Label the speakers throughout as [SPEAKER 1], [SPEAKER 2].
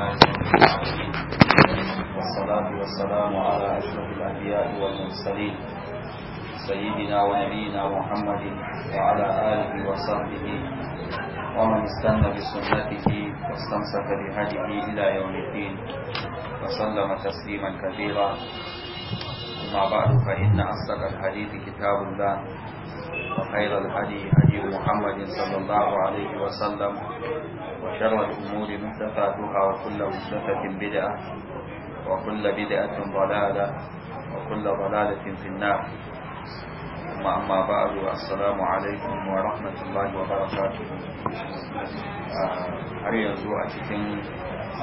[SPEAKER 1] لله رب العالمين والصلاة والسلام على أشرف الأنبياء والمرسلين سيدنا ونبينا محمد وعلى آله وصحبه ومن استنى بسنته واستمسك بهديه إلى يوم الدين وسلم تسليما كثيرا أما بعد فإن أصدق الحديث كتاب الله وخير الهدي هدي محمد صلى الله عليه وسلم وشر الأمور محدثاتها وكل محدثة بدعة وكل بدعة ضلالة وكل ضلالة في النار ثم أما بعد السلام عليكم ورحمة الله وبركاته har yanzu a cikin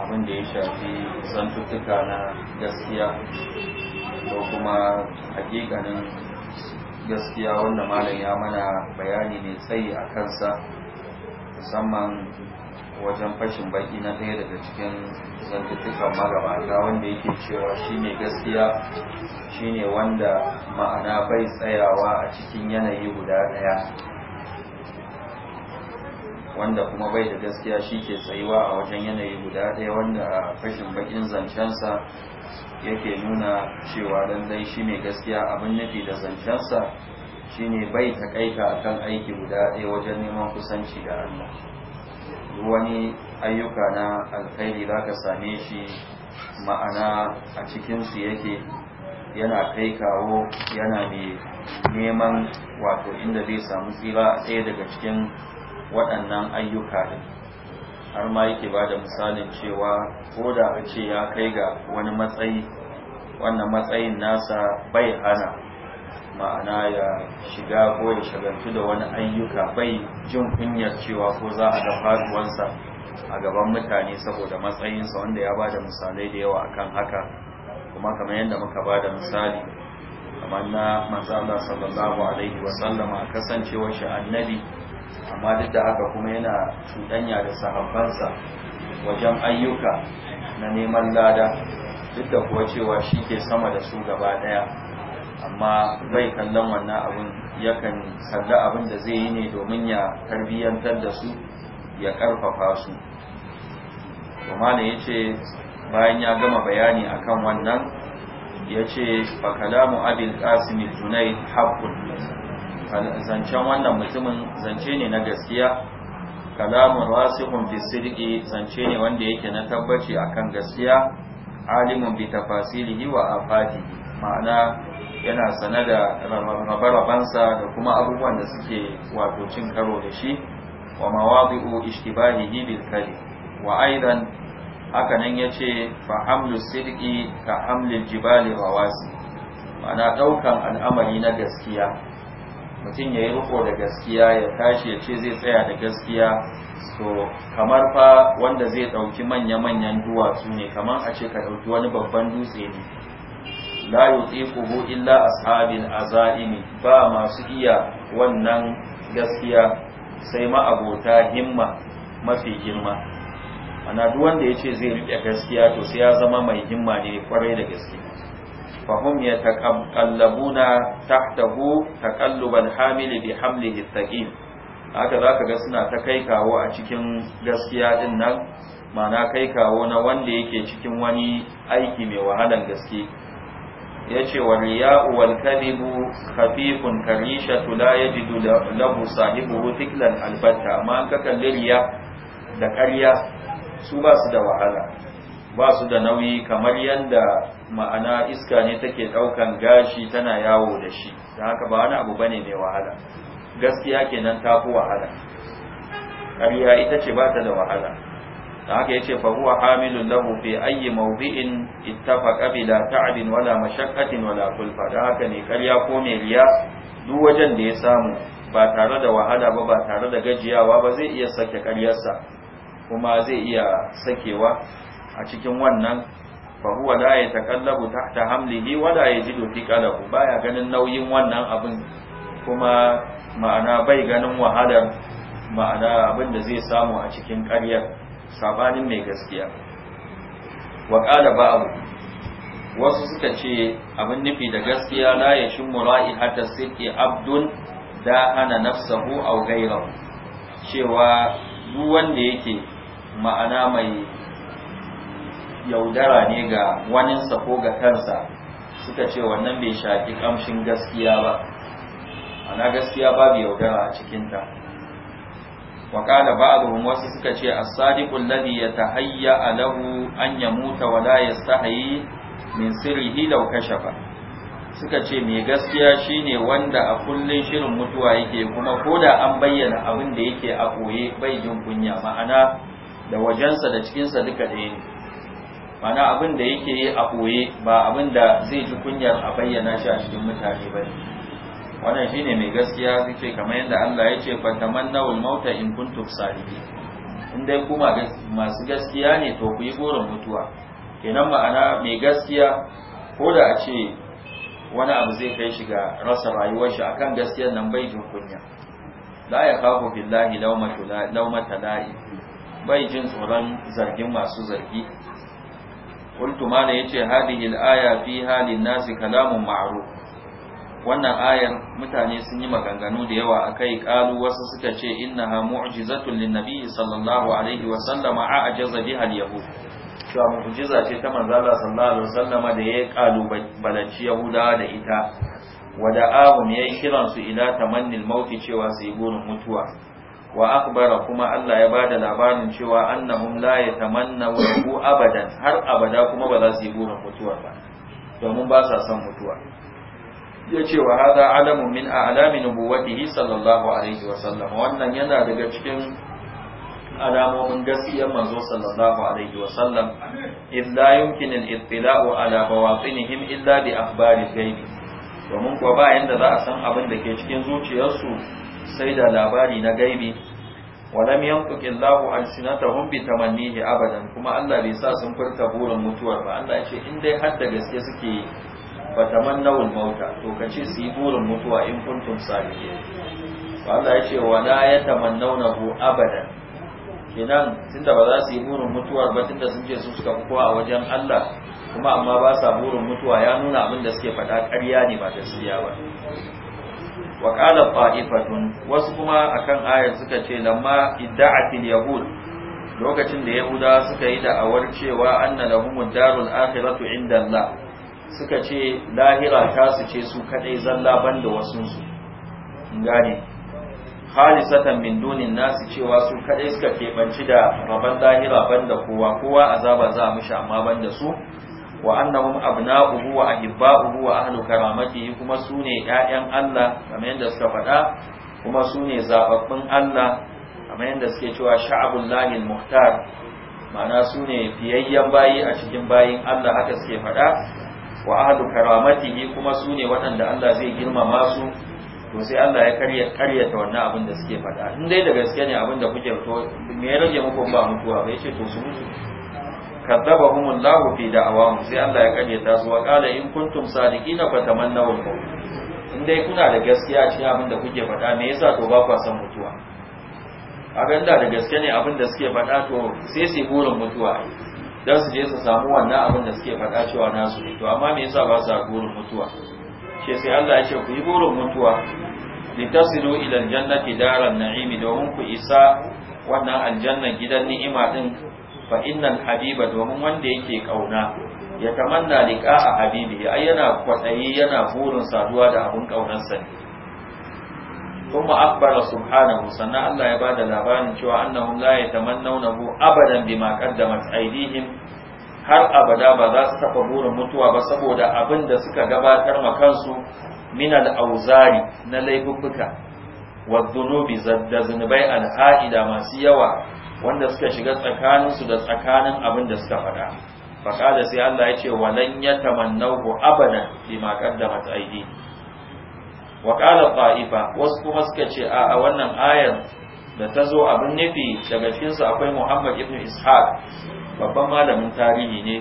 [SPEAKER 1] abin da ya shafi zantuttuka na gaskiya ko kuma hakikanin gaskiya wanda malam ya mana bayani ne tsayi a kansa musamman wajen fashin baki na ɗaya daga cikin zantuttukan magabata wanda yake cewa shine gaskiya shine wanda ma'ana bai tsayawa a cikin yanayi guda ɗaya wanda kuma bai da gaskiya shi ke tsayuwa a wajen yanayi guda ɗaya wanda a fashin bakin zancensa yake nuna cewa lallai shi mai gaskiya abin nufi da zancensa shi ne bai ta takaita kan aiki guda ɗaya wajen neman kusanci da Allah wani ayyuka na alkhairi za ka same shi ma'ana a cikinsu yake yana kai kawo yana mai neman wato inda zai samu tsira ɗaya daga cikin waɗannan ayyuka ne har ma yake ba da misalin cewa ko da a ce ya kai ga wani matsayi wannan matsayin nasa bai hana ma'ana ya shiga ko ya shagantu da wani ayyuka bai jin kunyar cewa ko za a ga faduwansa a gaban mutane saboda matsayinsa wanda ya ba da misalai da yawa akan haka kuma kamar yadda muka ba da misali kamar na manzo sallallahu alaihi wasallama sallama kasancewar shi annabi amma duk da haka kuma yana cuɗanya da sahabbansa wajen ayyuka na neman lada duk da kuwa cewa shi ke sama da su gaba ɗaya amma bai kallon wannan abin yakan kalli abin da zai yi ne domin ya tarbiyyantar da su ya ƙarfafa su domin ya ce bayan ya gama bayani akan wannan ya ce fa kalamu abin ƙasimin junai haƙƙun zancen wannan mutumin zance ne na gaskiya kalamun wasiqun fi sidqi zance ne wanda yake na tabbaci akan gaskiya alimun bi tafasilihi wa afatihi ma'ana yana sane da rabarabansa da kuma abubuwan da suke wato cin karo da shi wa mawadi'u ishtibahihi bil kari. wa aidan haka nan yace fa hamlu sidqi ka hamlil jibali rawasi ma'ana daukan al'amari na gaskiya mutum ya yi riko da gaskiya ya tashi ya ce zai tsaya da gaskiya so kamar fa wanda zai ɗauki manya-manyan duwatsu ne kamar a ce ka ɗauki wani babban dutse ne la yutiquhu illa ashabil azaimi ba masu iya wannan gaskiya sai ma himma mafi girma ana duk ya ce zai riƙe gaskiya to sai ya zama mai himma ne kwarai da gaskiya فهم يتقلبون تحته تقلب الحامل بحمله الثقيل haka za ka ga suna ta kai kawo a cikin gaskiya din nan mana kai kawo na wanda yake cikin wani aiki mai wahalan gaske ya ce wa riya'u wal kadibu khafifun karishatu la yajidu lahu sahibu tiklan albatta amma an ka kalli riya da karya su ba su da wahala ba su da nauyi kamar yadda ma'ana iska ne take ɗaukan gashi tana yawo da shi da haka ba wani abu bane mai wahala gaskiya kenan ta fi wahala ƙarya ita ce ba ta da wahala da haka ya ce fa huwa hamilun lahu fi ayyi mawdi'in ittafaqa bila ta'bin wala mashaqqatin wala kulfa da haka ne ƙarya ko mai riya duk wajen da ya samu ba tare da wahala ba ba tare da gajiyawa ba zai iya sake ƙaryarsa kuma zai iya sakewa a cikin wannan fa huwa la takallabu tahta hamlihi wa la yajidu fi baya ganin nauyin wannan abin kuma ma'ana bai ganin wahalar ma'ana abin da zai samu a cikin ƙaryar sabanin mai gaskiya wa qala ba'u wasu suka ce abin nufi da gaskiya la yashin mura'i hatta sirki abdun da ana nafsahu aw gairahu cewa duk wanda yake ma'ana mai yaudara ne ga waninsa ko ga kansa suka ce wannan bai shafi kamshin gaskiya ba ana gaskiya babu yaudara a cikinta wa qala ba'dhum wasu suka ce as-sadiqu alladhi yatahayya alahu an yamuta wa la yastahi min sirrihi law kashafa suka ce mai gaskiya shine wanda a kullun shirin mutuwa yake kuma koda an bayyana abin da yake a koye bai jin kunya ma'ana da wajensa da cikinsa duka ɗaya ne mana abin da yake a ɓoye ba abin da zai ji kunyar a bayyana shi a cikin mutane ba ne. wannan shine mai gaskiya zai ce kamar yadda Allah ya ce fataman nawul mauta in kuntum salihi in dai kuma masu gaskiya ne to ku yi goron mutuwa kenan ma'ana mai gaskiya ko da a ce wani abu zai kai shi ga rasa rayuwar shi akan gaskiyar nan bai jin kunya la ya kafu billahi lawmata la'i bai jin tsoron zargin masu zargi qultu mala yace hadhihi al-aya fi halin nasi kalamun ma'ruf wannan ayar mutane sun yi maganganu da yawa akai kalu wasu suka ce innaha mu'jizatun linnabi sallallahu alaihi wa sallama a'jaza biha al-yahud to mu'jiza ce ta manzo Allah sallallahu alaihi wa sallama da ya kalu balanci yahuda da ita wada'ahum yayi kiransu ila tamannil mauti cewa su yi burin mutuwa wa akbara kuma Allah ya bada labarin cewa annahum la yatamannawhu abadan har abada kuma ba za su yi burin mutuwa ba domin ba sa son mutuwa ya ce wa hada alamu min a'lami nubuwatihi sallallahu alaihi wa sallam wannan yana daga cikin alamomin gaskiyar manzo sallallahu alaihi wa sallam illa yumkin al-ittila'u ala bawatinihim illa bi akhbari ghaibi domin kuwa ba yanda za a san abin da ke cikin zuciyarsu sai da labari na gaibi walam yantuki Allahu alsinatahum bi tamannihi abadan kuma Allah bai sa sun furta burin mutuwar ba Allah ya in dai har da gaske suke yi tamannawul mauta to kace su yi burin mutuwa in kuntum salihin to Allah ya ce wala yatamannawnahu abadan kenan tunda ba za su yi burin mutuwar ba tunda sun ce su suka fi kowa a wajen Allah kuma amma ba sa burin mutuwa ya nuna abin da suke faɗa ƙarya ne ba gaskiya ba wa qala ta'ifatun wasu kuma akan ayar suka ce lamma idda'atil yahud lokacin da yahuda suka yi da'awar cewa anna lahum darul akhiratu inda Allah suka ce lahira ta su ce su kadai zalla banda wasun su gane khalisatan min dunin nasu cewa su kadai suka kebanci da rabon lahira banda kowa kowa azaba za a mishi amma banda su wa annahum abna'uhu wa ahibba'uhu wa ahlu karamatihi kuma sune ƴaƴan Allah kamar yadda suka faɗa kuma sune zababbin Allah kamar yadda suke cewa sha'abul lahil muhtar ma'ana sune fiyayyen bayi a cikin bayin Allah haka suke faɗa wa ahlu karamatihi kuma sune waɗanda Allah zai girmama su to sai Allah ya karya ta wannan abin da suke faɗa in dai da gaske ne abin da kuke to me ya rage muku ba mutuwa ba yace to su mutu kadzabahum Allah fi da'awahum sai Allah ya kare ta su wa qala in kuntum sadiqina fatamannaw al-maut in dai kuna da gaskiya cikin abin da kuke faɗa me yasa to ba ku san mutuwa abin da da gaske ne abin da suke faɗa to sai su burin mutuwa dan su je su samu wannan abin da suke faɗa cewa nasu ne to amma me yasa ba su burin mutuwa ce sai Allah ya ce ku yi burin mutuwa litasilu ila aljannati daral na'imi domin ku isa wannan Aljanna gidan ni'ima din fa innal habiba domin wanda yake kauna ya tamanna liqa a habibi ai yana kwaɗayi yana burin saduwa da abun ƙaunarsa ne kuma akbara subhanahu sannan Allah ya bada labarin cewa annahum la yatamannawnahu abadan bima qaddamat aydihim har abada ba za su taɓa burin mutuwa ba saboda abin da suka gabatar ma kansu min al-auzari na laifuffuka wa dhunubi da zunubai al-ha'ida masu yawa wanda suka shiga tsakaninsu da tsakanin abin da suka faɗa faƙada sai Allah ya ce walan ya tamannahu abadan bima qaddamat aidi wa qala qa'ifa wasu kuma suka ce a wannan ayar da ta zo abin nufi daga cikin su akwai Muhammad ibn Ishaq babban malamin tarihi ne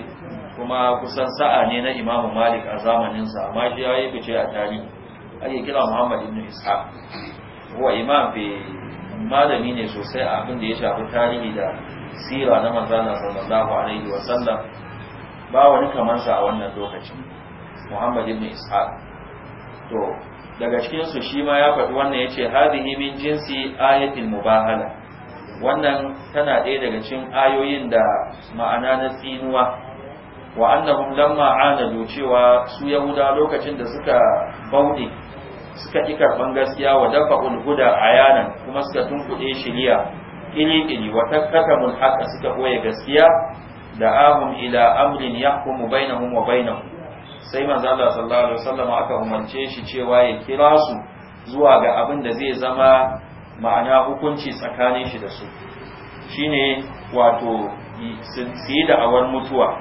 [SPEAKER 1] kuma kusan sa'a ne na Imam Malik a zamanin sa amma shi yayi fice a tarihi ake kira Muhammad ibn Ishaq huwa imam fi malami ne sosai a abin da ya shafi tarihi da sira na manzana sallallahu alaihi wa sallam ba wani sa a wannan lokacin muhammad ibn ishaq to daga cikin shi ma ya faɗi wannan yace hadhihi min jinsi ayatil mubahala wannan tana ɗaya daga cikin ayoyin da ma'ana na tsinuwa wa annahum lamma anadu cewa su yahuda lokacin da suka bauɗe suka ƙi karɓan gaskiya wa dafa ulhuda yanan kuma suka tunkuɗe shiriya ƙiri-ƙiri wa mun haka suka ɓoye gaskiya da ahum ila amrin yahkumu mun wa mu. sai manzo Allah sallallahu alaihi aka umarce shi cewa ya kira su zuwa ga abin da zai zama ma'ana hukunci tsakanin shi da su shine wato su yi da'awar mutuwa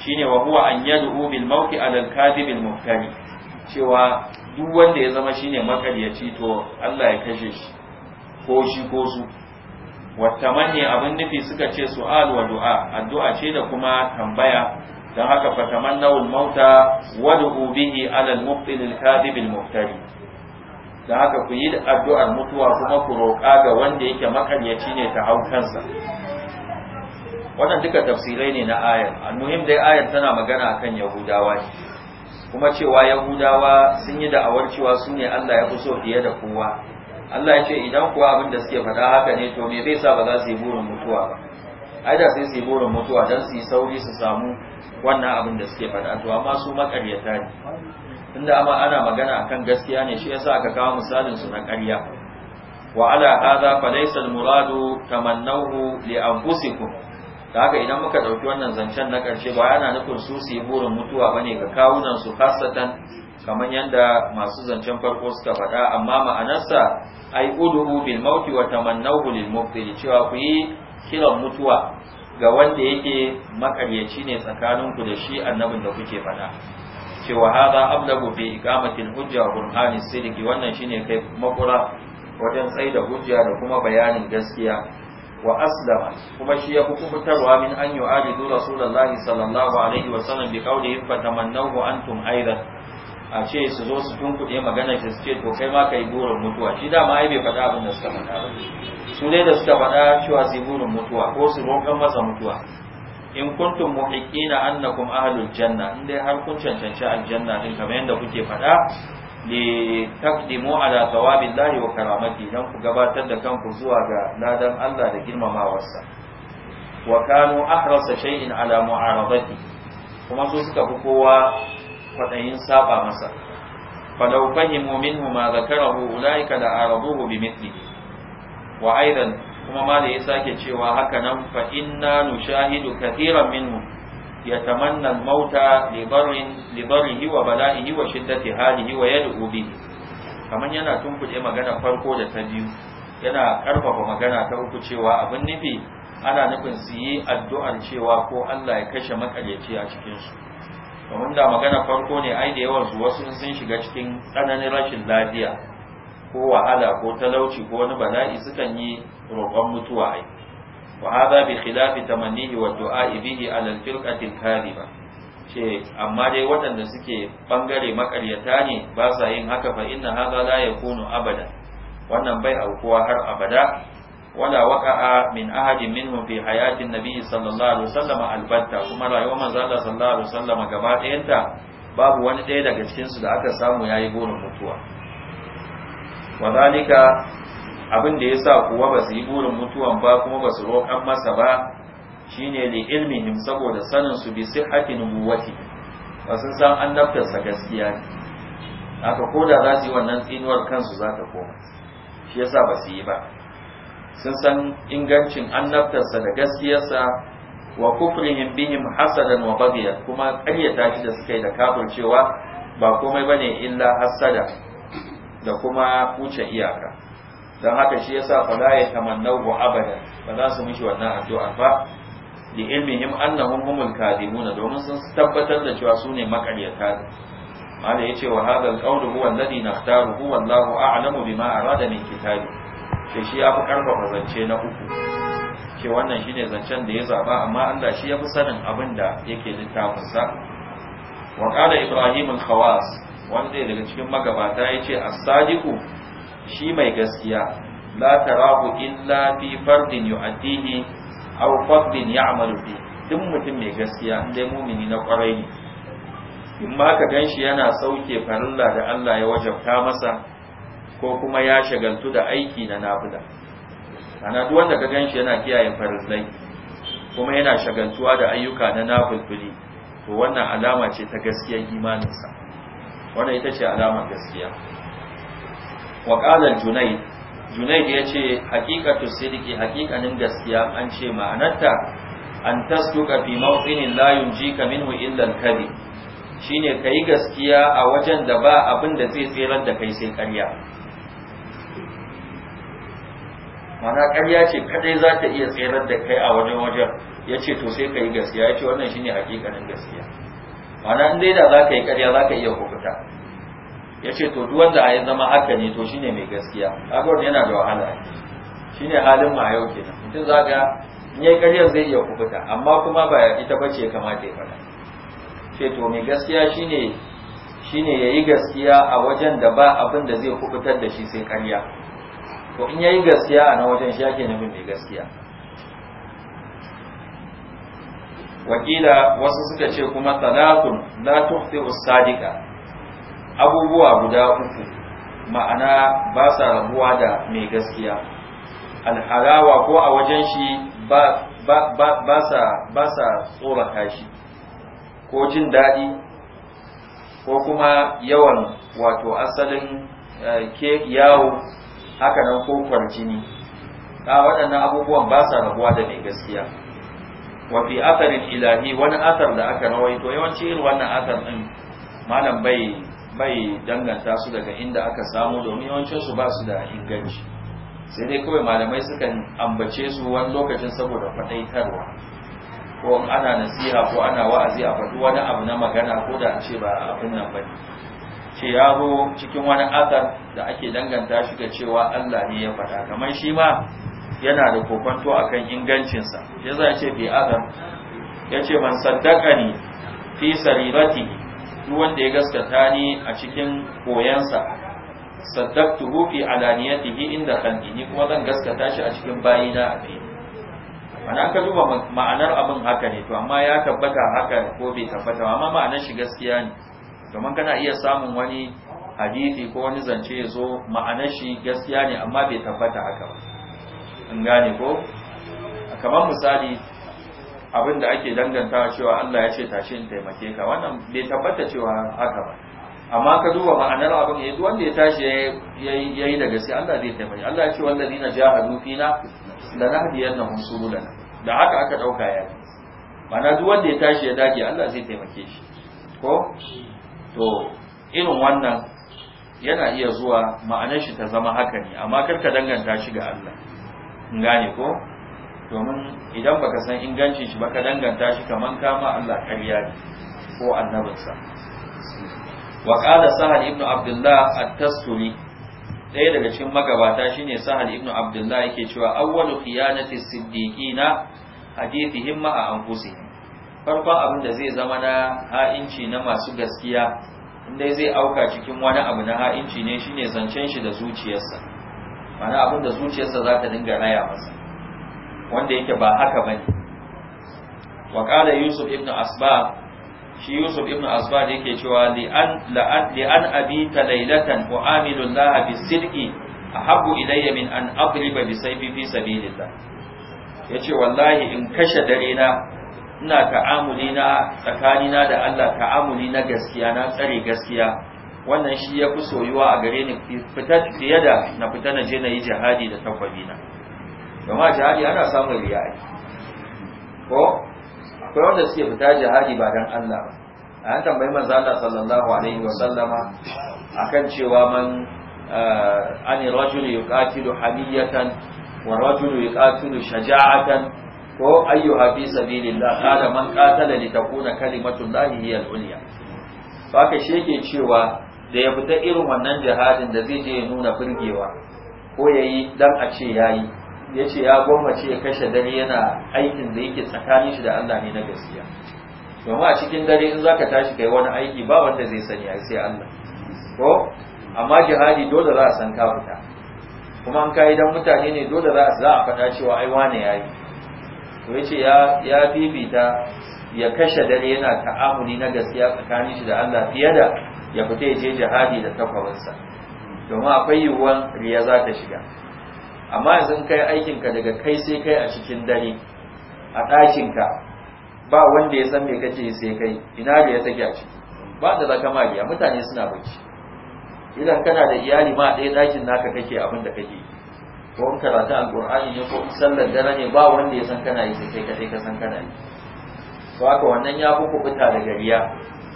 [SPEAKER 1] shine wa huwa an yad'u bil mauki a al-kadhib cewa duk wanda ya zama shine makaryaci to Allah ya kashe shi ko shi ko su manne abin nufi suka ce su'al wa du'a addu'a ce da kuma tambaya dan haka fatamannaw al-mauta du'u bihi ala al muqtil al-kadhib al dan haka ku yi addu'ar mutuwa kuma ku roƙa ga wanda yake makaryaci ne ta haukansa wannan duka tafsirai ne na ayar al-muhim dai ayar tana magana akan yahudawa ne kuma cewa yahudawa sun yi da'awar cewa su ne Allah ya fi so fiye da kowa Allah ya ce idan kuwa abin da suke faɗa haka ne to me zai sa ba za su yi burin mutuwa ba ai da sai su yi burin mutuwa don su yi sauri su samu wannan abin da suke faɗa to amma su makaryata ne tunda amma ana magana akan gaskiya ne shi yasa aka kawo misalin su na ƙarya wa ala hadha laysa al-muradu tamannahu li anfusikum da haka idan muka ɗauki wannan zancen na ƙarshe ba yana nufin su su yi burin mutuwa bane ga kawunan su kasatan kamar yadda masu zancen farko suka faɗa amma ma'anarsa ai udu, bil mauti wa tamannahu lil mubtil cewa ku yi kiran mutuwa ga wanda yake makaryaci ne tsakanin ku da shi annabin da kuke faɗa cewa hadha ablagu bi iqamatil hujja wa burhani sidiki wannan shine kai makura wajen tsaida hujja da kuma bayanin gaskiya wa aslama kuma shi ya kubutarwa min an yu'alidu rasulullahi sallallahu alaihi wa sallam bi fa tamannahu antum aidan a ce su zo su tunkuɗe magana shi su ce to kai ma kai burin mutuwa shi da ma ai bai faɗa abin da suka faɗa ba su ne da suka faɗa cewa su burin mutuwa ko su roƙan masa mutuwa in kuntum muhiqqina annakum ahlul janna in dai har kun cancanci aljanna din kamar yadda kuke faɗa li taqdimu ala thawabillahi wa karamati dan ku gabatar da kanku zuwa ga ladan Allah da girmamawarsa wa kanu ahrasa shay'in ala mu'aradati kuma su suka fi kowa kwadayin saba masa falau fahimu minhu ma zakarahu ulaika la araduhu bimithlihi wa aidan kuma ma da ya sake cewa haka nan fa inna nushahidu kathiran minhum يتمنى الموت لبر لبره وبلائه وشدة حاله ويدعو به kamar yana tunkuɗe magana farko da ta biyu yana ƙarfafa magana ta uku cewa abin nufi ana nufin su yi addu'ar cewa ko Allah ya kashe makaryaci a cikinsu domin da magana farko ne ai da yawansu wasu sun shiga cikin tsananin rashin lafiya ko wahala ko talauci ko wani bala'i sukan yi roƙon mutuwa ai وهذا بخلاف تمنيه والدعاء به على الفرقة الكاذبة ce amma dai waɗanda suke ɓangare makaryata ne ba sa yin haka fa inna hadha la yakunu abada wannan bai aukuwa har abada wala waqa'a min ahadin minhum fi hayatin nabiyyi sallallahu alaihi wasallam albatta kuma rayuwar manzo Allah sallallahu alaihi wasallam gaba ɗayanta babu wani ɗaya daga cikin su da aka samu yayi burin mutuwa wadalika abin da yasa kuwa ba su yi burin mutuwan ba kuma ba su roƙan masa ba shine li ilmihim saboda sanin su bi sihhatin nubuwati ba sun san annabtarsa gaskiya ne haka koda za su yi wannan tsinuwar kansu za ta koma shi yasa ba su yi ba sun san ingancin annabtarsa da gaskiyarsa wa kufrihim bihim hasadan wa baghiya kuma ƙaryata shi da suka yi da cewa ba komai bane illa hasada da kuma wuce iyaka don haka shi yasa fala ya tamannau wa abada ba za su mishi wannan addu'a ba li ilmihim annahum humul kadimuna domin sun tabbatar da cewa su ne makaryata ne mala yace wa hadha alqawlu huwa alladhi nakhtaruhu wallahu a'lamu bima arada min kitabi ke shi ya fi karfafa zance na uku ke wannan shine zancen da ya zaba amma Allah shi ya fi sanin abin da yake littafinsa wa qala ibrahim al-khawas wanda daga cikin magabata yace as-sadiqu shi mai gaskiya la tarahu illa fi fardin yu'addihi aw fardin ya'malu bi duk mutum mai gaskiya in dai mumini na kwarai ne in ma ka ganshi yana sauke farilla da Allah ya wajabta masa ko kuma ya shagaltu da aiki na nafila ana duk wanda ka ganshi yana kiyaye farillai kuma yana shagaltuwa da ayyuka na nafilfili to wannan alama ce ta gaskiyar imaninsa wannan ita ce alamar gaskiya wa qala junayd junayd ce haqiqatu sidiki haqiqanin gaskiya an ce ma'anarta an tasduka fi mawqinin la yunjika minhu illa al-kadhib shine kai gaskiya a wajen da ba abin da zai tsirar da kai sai ƙarya mana ƙarya ce kadai za ta iya tsirar da kai a wajen wajen ya ce to sai ka yi gaskiya ya ce wannan shine hakikanin gaskiya mana in dai da za ka yi ƙarya za ka iya kukuta ya ce to duk wanda yi zama haka ne to shine mai gaskiya abubuwan yana da wahala shine halin ma yau kenan mutum za ga in yai karyar zai iya kubuta amma kuma ba ita bace ya kamata ya faɗa ce to mai gaskiya shine shine ya yi gaskiya a wajen da ba abin da zai kubutar da shi sai karya to in ya yi gaskiya a na wajen shi ake nufin mai gaskiya wakila wasu suka ce kuma talatun la tuhti usadika abubuwa guda uku ma'ana ba sa rabuwa da mai gaskiya alhalawa ko a wajen shi ba sa tsorata shi ko jin daɗi ko kuma yawan wato asalin eh, ke yawo haka nan ko kwarjini a waɗannan abubuwan ba sa rabuwa da mai gaskiya wafi asarin ilahi wani asar da aka rawaito yawanci irin wannan asar ɗin malam bai bai danganta su daga inda aka samu domin yawancinsu ba su da inganci sai dai kawai malamai sukan ambace su wani lokacin saboda faɗaitarwa ko ana nasiha ko ana wa'azi a faɗi wani abu na magana ko da ce ba abin nan ba ce ya cikin wani azar da ake danganta shi ga cewa Allah ne ya faɗa kamar shi ma yana da kokonto akan ingancinsa ya za ce bi athar ya ce man saddaka ni fi sarirati duk wanda ya gaskata ni a cikin koyansa saddaktu fi alaniyatihi inda ni kuma zan gaskata shi a cikin bayina a fi ana ka duba ma'anar abin haka ne to amma ya tabbata haka ko bai tabbata amma ma'anar shi gaskiya ne domin kana iya samun wani hadisi ko wani zance ya zo ma'anar shi gaskiya ne amma bai tabbata haka ba in gane ko kamar misali abin da ake dangantawa cewa Allah ya ce tashi in taimake ka wannan bai tabbata cewa haka ba amma ka duba ma'anar abin ya eh, wanda ya tashi ya yi da gaske Allah zai taimake Allah ya ce wallazi na jahadu fina lanahdiyannahum subulana da haka aka ɗauka ya mana duk wanda ya tashi ya dage Allah zai taimake shi ko to irin wannan yana iya zuwa ma'anar shi ta zama haka ne amma kar ka danganta shi ga Allah gane ko domin idan baka san ingancin shi baka danganta shi kamar kama Allah ƙarya ko annabinsa wa qala sahal ibn abdullah at ɗaya daga cikin magabata shine sahal ibn abdullah yake cewa awwalu khiyanati siddiqina hadithihim a anfusi farkon abin da zai zama na ha'inci na masu gaskiya inda zai auka cikin wani abu na ha'inci ne shine zancen shi da zuciyarsa ma'ana abin da zuciyarsa za ta dinga raya masa wanda yake ba haka ne wa kala yusuf ibn asba shi yusuf ibn asbab yake cewa li an la an li an abita lailatan wa amilu allaha bisidqi ahabbu ilayya min an aqliba bi sayfi fi sabilillah yace wallahi in kashe dare na ina ta'amuli na tsakanina da Allah ta'amuli na gaskiya na tsare gaskiya wannan shi ya fi soyuwa a gare ni fitar fiye da na fita na je na yi jihadi da takwabina gama jihadi ana samun riya ko akwai wanda suke fita jihadi ba dan Allah ba an tambayi manzo Allah sallallahu alaihi wa sallama akan cewa man eh, ani rajul yuqatilu hamiyatan wa rajul yuqatilu shaja'atan ko ayu fi sabilillah kada man qatala kalimatu kalimatullahi hiya al-ulya to aka sheke cewa da ya fita irin wannan jihadin da zai je ya nuna firgewa ko yayi dan a ce yayi ya ce ya gwammace ya kashe dare yana aikin da yake tsakanin shi da Allah ne na gaskiya domin a cikin dare in zaka tashi kai wani aiki ba wanda zai sani ai sai Allah ko amma jihadi dole za a san ka fita kuma an kai dan mutane ne dole za a faɗa cewa ai wane yayi to yace ya ya bibita ya kashe dare yana ta'amuli na gaskiya tsakanin shi da Allah fiye da ya fita ya je jihadi da takwarinsa domin akwai yiwuwan riya za ta shiga amma yanzu kai aikinka daga kai sai kai a cikin dare a ɗakinka ba wanda ya san me kake sai kai ina da ya take a ciki ba da zaka magiya mutane suna bacci idan kana da iyali ma ɗaya ɗakin naka kake abin da kake ko in karatu alƙur'ani ne ko sallar dare ne ba wanda ya san kana yi sai kai kaɗai ka san kana yi to haka wannan ya fi kuɓuta da gariya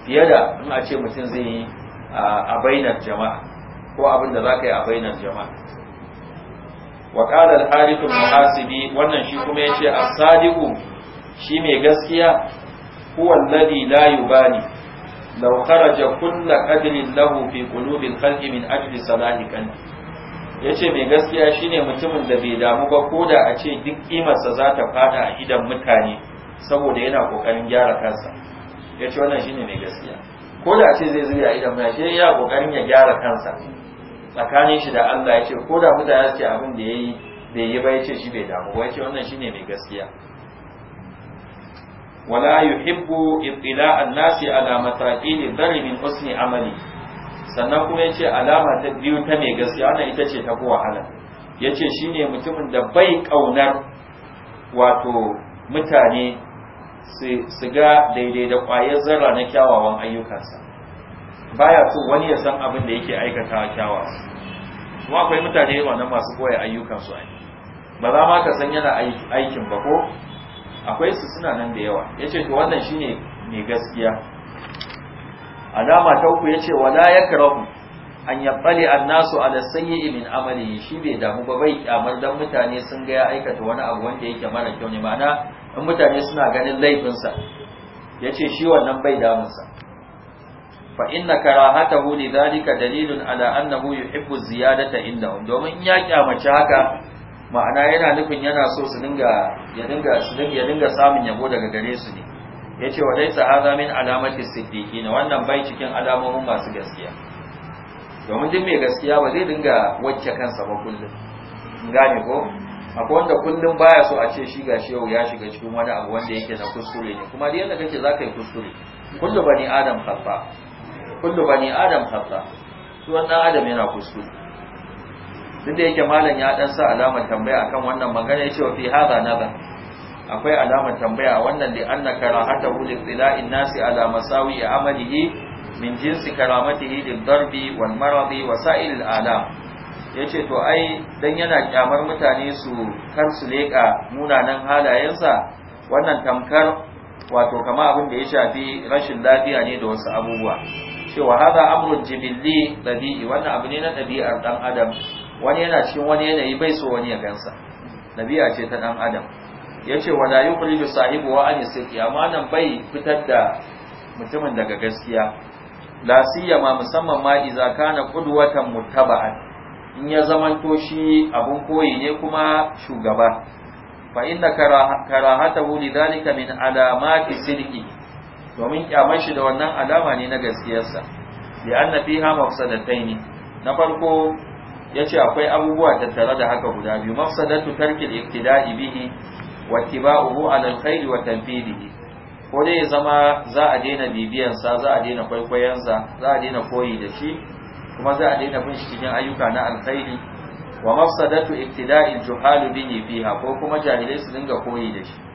[SPEAKER 1] fiye da in a ce mutum zai yi a bainar jama'a ko abin da za yi a bainar jama'a wa qala al-harith al-muhasibi wannan shi kuma yace as-sadiqu shi mai gaskiya huwa alladhi la yubali law kharaja kullu qadlin lahu fi al khalqi min ajli salahi yace mai gaskiya shine mutumin da bai damu ba koda a ce duk imarsa za ta fada a idan mutane saboda yana kokarin gyara kansa yace wannan shine mai gaskiya koda a ce zai zuya idan mutane shi ya kokarin ya gyara kansa tsakanin shi da Allah ya ce ko da mutane ce abin da ya yi bai yi ba ya ce shi bai damu ba ya ce wannan shine mai gaskiya wala yuhibbu ibtila an-nasi ala mataqili dharri min husni amali sannan kuma yace alama ta biyu ta mai gaskiya wannan ita ce ta ce yace shine mutumin da bai kaunar wato mutane su ga daidai da ƙwayar zarra na kyawawan ayyukansa baya so wani ya san abin da yake aikata kyawa kuma akwai mutane wannan masu koya ayyukan su ba za ma ka san yana aikin ba ko akwai su suna nan da yawa yace to wannan shine ne gaskiya alama ta uku yace wala yakrahu an yabali annasu ala sayyi'i min amalihi shi bai damu ba bai kyamar dan mutane sun ga ya aikata wani abu wanda yake mara kyau ne ma'ana in mutane suna ganin laifinsa yace shi wannan bai damunsa fa inna karahatahu zalika dalilun ala annahu yuhibbu ziyadata indahum domin in ya mace haka ma'ana yana nufin yana so su dinga ya dinga su dinga ya dinga samun yabo daga gare su ne yace wa laysa hadha min alamati siddiqin wannan bai cikin alamomin masu gaskiya domin duk mai gaskiya ba zai dinga wacce kansa ba kullum gane ko akwai wanda kullum baya so a ce shi gashi ya shiga cikin wani abu wanda yake na kuskure ne kuma da yadda kake za ka yi kuskure kullu bani adam khata kullu bani adam khata su wannan adam yana kuskure duk da yake malam ya dan sa alamar tambaya akan wannan magana yace wa fi hadha nada akwai alamar tambaya a wannan da anna karahatahu wuli ila innasi ala masawi amalihi min jinsi karamatihi lil darbi wal maradi wa sa'il al alam yace to ai dan yana kyamar mutane su kar su leka munanan halayensa wannan tamkar wato kama abin da ya shafi rashin lafiya ne da wasu abubuwa cewa hada amrun jibilli dabi'i wannan abu ne na dabi'ar dan adam wani yana cikin wani yanayi bai so wani ya gansa dabi'a ce ta dan adam yace la yukhriju sahibu wa an yasiki amma nan bai fitar da mutumin daga gaskiya la ma musamman ma idza kana qudwatan muttaba'an in ya zamanto shi abun koyi ne kuma shugaba fa inna karahatahu lidhalika min alamati sidqi domin kyaman shi da wannan alama ne na gaskiyarsa bi anna fiha mafsadataini na farko yace akwai abubuwa tattare da haka guda biyu mafsadatu tarkil iktida'i bihi wa ittiba'uhu ala alkhairi wa tanfidihi ko dai zama za a daina bibiyan sa za a daina kwaikwayon sa za a daina koyi da shi kuma za a daina bin shi cikin ayyuka na alkhairi wa mafsadatu ibtida'i juhalu bihi fiha ko kuma jahilai su dinga koyi da shi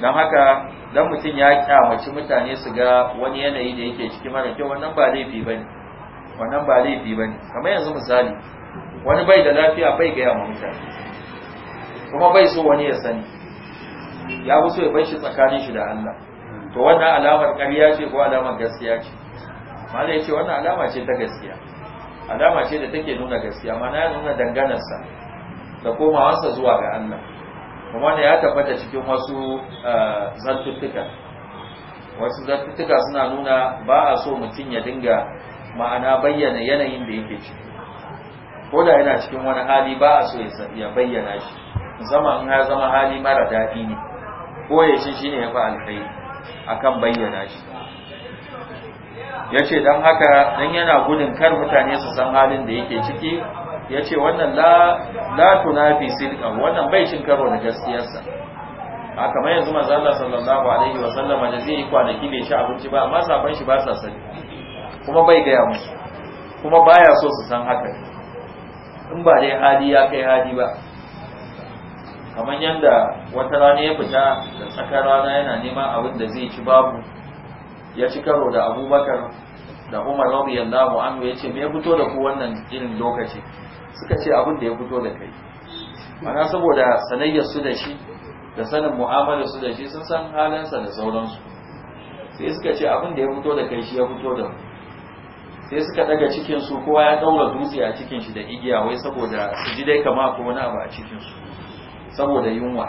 [SPEAKER 1] don haka dan mutum ya kyamaci mutane su ga wani yanayi da yake ciki mara kyau wannan ba laifi bane wannan ba laifi bane kamar yanzu misali wani bai da lafiya bai gaya ma mutane kuma bai so wani ya sani ya fi so ya bar shi tsakanin shi da Allah to wannan alamar ƙarya ce ko alamar gaskiya ce mana ya ce wannan alama ce ta gaskiya alama ce da take nuna gaskiya mana ya nuna danganarsa da komawarsa zuwa ga Allah kuma ya tabbata cikin wasu eh, zantuttuka wasu zantuttuka suna nuna ba a so mutum ya dinga ma'ana bayyana yanayin da yake ciki ko da yana cikin wani hali ba a so ya bayyana shi Zama in ya zama hali mara daɗi ne ko ya ce shi ne ya fi a kan bayyana shi ya ce don haka don yana gudun kar mutane su san halin da yake ciki ya ce wannan la tunafi sidqan wannan bai cin karo da gaskiyarsa a kamar yanzu manzo sallallahu alaihi wa sallama da zai yi kwanaki bai sha abinci ba amma sabon shi ba sa sani kuma bai gaya musu kuma baya so su san haka in ba dai hadi ya kai hadi ba kamar yadda wata rana ya fita da tsakar rana yana neman abin da zai ci babu ya ci karo da abubakar da umar radiyallahu anhu ya ce me ya fito da ku wannan irin lokaci suka ce abin da ya fito da kai mana saboda sanayyar su da shi da sanin mu'amalar su da shi sun san halinsa da sauransu sai suka ce abin da ya fito da kai shi ya fito da sai suka daga cikin su kowa ya daura dutse a cikin shi da igiya wai saboda su ji dai kama ko wani abu a cikin su saboda yunwa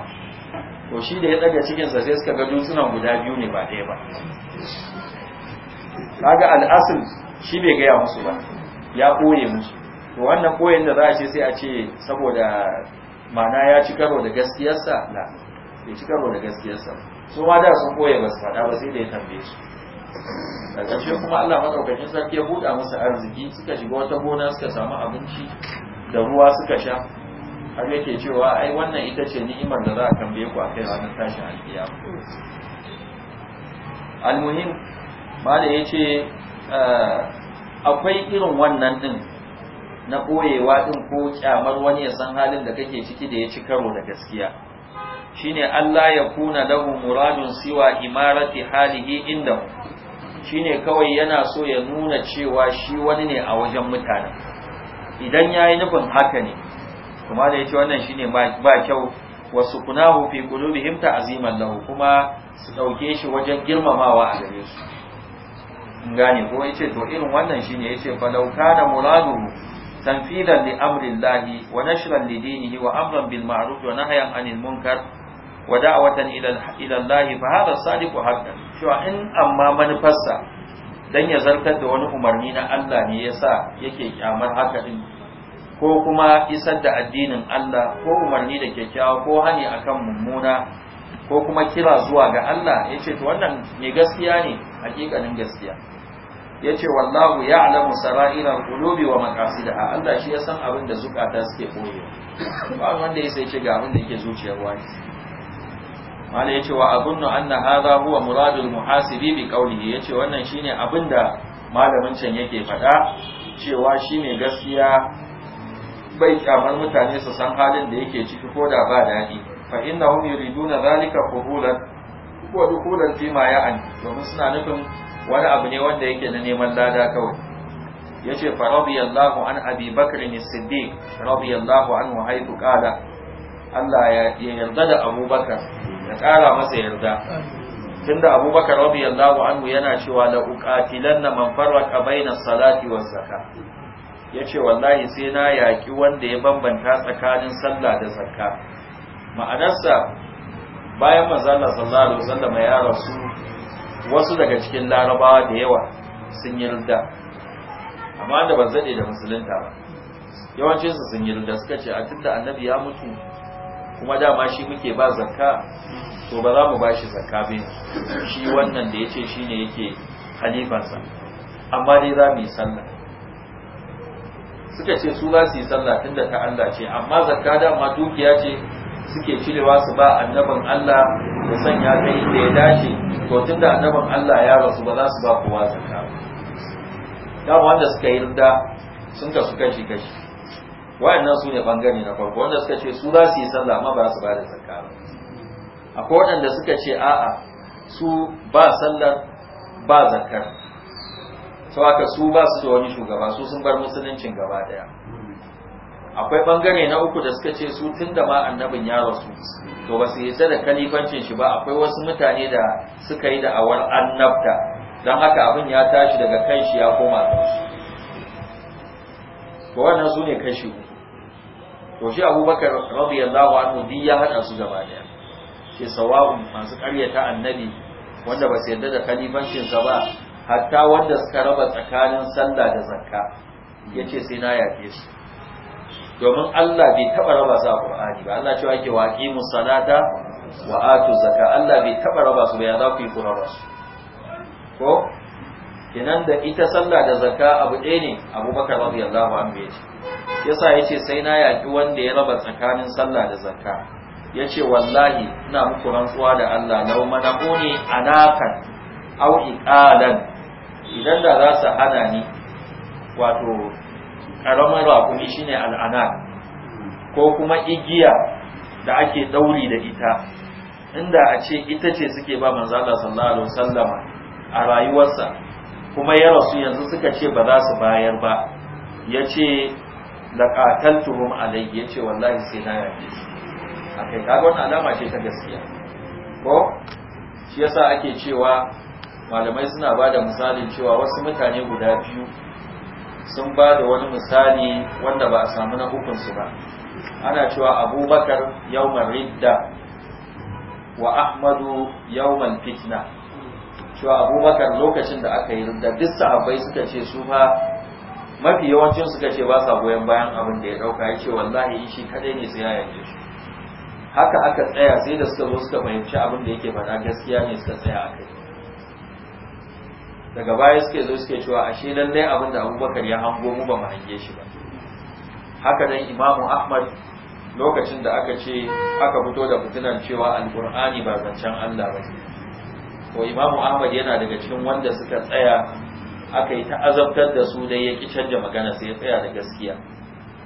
[SPEAKER 1] to shi da ya daga cikin sa sai suka ga dutsunan guda biyu ne ba ɗaya ba kaga al'asul shi bai gaya musu ba ya ɓoye musu to wannan koyin da za a ce sai a ce saboda ma'ana ya ci karo da gaskiyarsa na ya ci karo da gaskiyarsa su ma da sun koya ba su faɗa ba sai da ya tambaye su da ƙarshe kuma Allah maɗaukacin sarki ya buɗa musu arziki suka shiga wata gona suka samu abinci da ruwa suka sha har yake cewa ai wannan ita ce ni'imar da za a tambaye ku kai ranar tashin al almuhim ma da ce ah, akwai irin wannan din na koyewa din ko kyamar wani ya san halin da kake ciki da ya ci karo da gaskiya shine Allah ya kuna lahu muradun siwa imarati halihi inda shine kawai yana so ya nuna cewa shi wani ne a wajen mutane idan yayi nufin haka ne kuma da yace wannan shine ba kyau wasu kunahu fi qulubihim ta'ziman lahu kuma su dauke shi wajen girmamawa a gare su gane ko yace to irin wannan shine yace fa lauka kana muradu تنفيذا لأمر الله ونشرا لدينه وأمرا بالمعروف ونهيا عن المنكر ودعوة إلى إلى الله فهذا الصادق حقا شو إن أما من فسر dan ya zartar da wani umarni na Allah ne yasa yake kyamar haka din ko kuma isar da addinin Allah ko umarni da kyakkyawa ko hani a kan mummuna ko kuma kira zuwa ga Allah yace to wannan ne gaskiya ne hakikanin gaskiya Ya ce, wallahu ya ya'lamu sara'ira qulubi wa maqasidaha Allah shi ya san abin da zukata suke koyo ba wanda yasa ce ga abin da yake zuciyar wani mala yace wa Abunnu anna hadha huwa muradul muhasibi bi qawlihi yace wannan shine abin da malamin can yake faɗa cewa shi shine gaskiya bai kyamar mutane su san halin da yake ciki ko da ba daɗi fa innahum yuriduna zalika qubulan wa dukulan fi ya'ani domin suna nufin wani abu ne wanda yake na neman lada kawai yace fa radiyallahu an abi bakr as-siddiq radiyallahu anhu haifu qala Allah ya yarda da Abubakar ya kara masa yarda tunda Abubakar radiyallahu mu yana cewa la na man ka baina salati was Ya ce, wallahi sai na yaƙi wanda ya bambanta tsakanin sallah da zakka ma'anarsa bayan manzo Allah sallallahu alaihi wasallam ya rasu wasu daga cikin larabawa da yawa sun yi rida amma da ban zaɗe da musulunta ba Yawancin su sun yi rida suka ce a tunda annabi ya mutu kuma dama shi muke ba zakka to ba za mu ba shi zakka bai shi wannan da ya ce shi ne yake halifansa amma dai za mu yi sallah suka ce su za su yi sallah tunda ta Allah ce amma zakka dama dukiya ce suke cirewa su ba annaban Allah da sanya kai inda ya dace to tun da annaban Allah ya rasu ba za su ba kowa zakka ba wanda suka yi da sun kasu kashi kashi wayannan su ne bangare na farko wanda suka ce su za su yi sallah amma ba su ba da zakka ba akwai waɗanda suka ce a'a su ba sallar ba zakkar sau su ba su da wani shugaba su sun bar musuluncin gaba daya akwai bangare na uku da suka ce su tun da ma annabin ya rasu to ba su yadda da kalifancin shi ba akwai wasu mutane da suka yi da'awar annabta don haka abin ya tashi daga kan shi ya koma ta shi ko wannan su ne kashi uku to shi abubakar radiyallahu annu duk ya hada su gaba daya Ke sawa'un masu karyata annabi wanda ba su yadda da kalifancin sa ba hatta wanda suka raba tsakanin sallah da zakka yace sai na yafe su domin Allah bai taba raba su a Qur'ani ba Allah cewa yake waqimu salata wa atu zaka Allah bai taba raba su ba ya za ku yi kurara su ko kenan da ita sallah da zakka abu ɗaya ne Abubakar radiyallahu anhu yace yasa yace sai na yaki wanda ya raba tsakanin sallah da zakka yace wallahi ina muku rantsuwa da Allah law manaquni anakan aw iqalan idan da za su hana ni wato karamar shi shine al'ana ko kuma igiya da ake ɗauri da ita inda a ce ita ce suke ba manzala sallallahu alaihi wasallama a rayuwarsa kuma ya rasu yanzu suka ce ba za su bayar ba ya ce da laƙataltuhum alai ya ce wallahi sai na yaƙe a kai kaga alama ce ta gaskiya ko shi yasa ake cewa malamai suna ba da misalin cewa wasu mutane guda biyu sun ba da wani misali wanda ba a samu na hukunsu ba ana cewa abubakar yawman ridda wa ahmadu yawman fitna cewa abubakar lokacin da aka yi ridda duk sahabbai suka ce su fa mafi yawancin suka ce ba sa goyon bayan abin da ya dauka ya ce wallahi in shi kadai ne sai ya yanke shi haka aka tsaya sai da suka zo suka fahimci abin da yake faɗa gaskiya ne suka tsaya a kai daga baya suke zo suke cewa ashe lallai abin da abubakar ya hango mu ba mu hange shi ba haka nan imamu ahmad lokacin da aka ce aka fito da fitinan cewa alkur'ani ba zancen allah ba ko imamu ahmad yana daga cikin wanda suka tsaya aka yi azabtar da su dai ya ki canja magana sai ya tsaya da gaskiya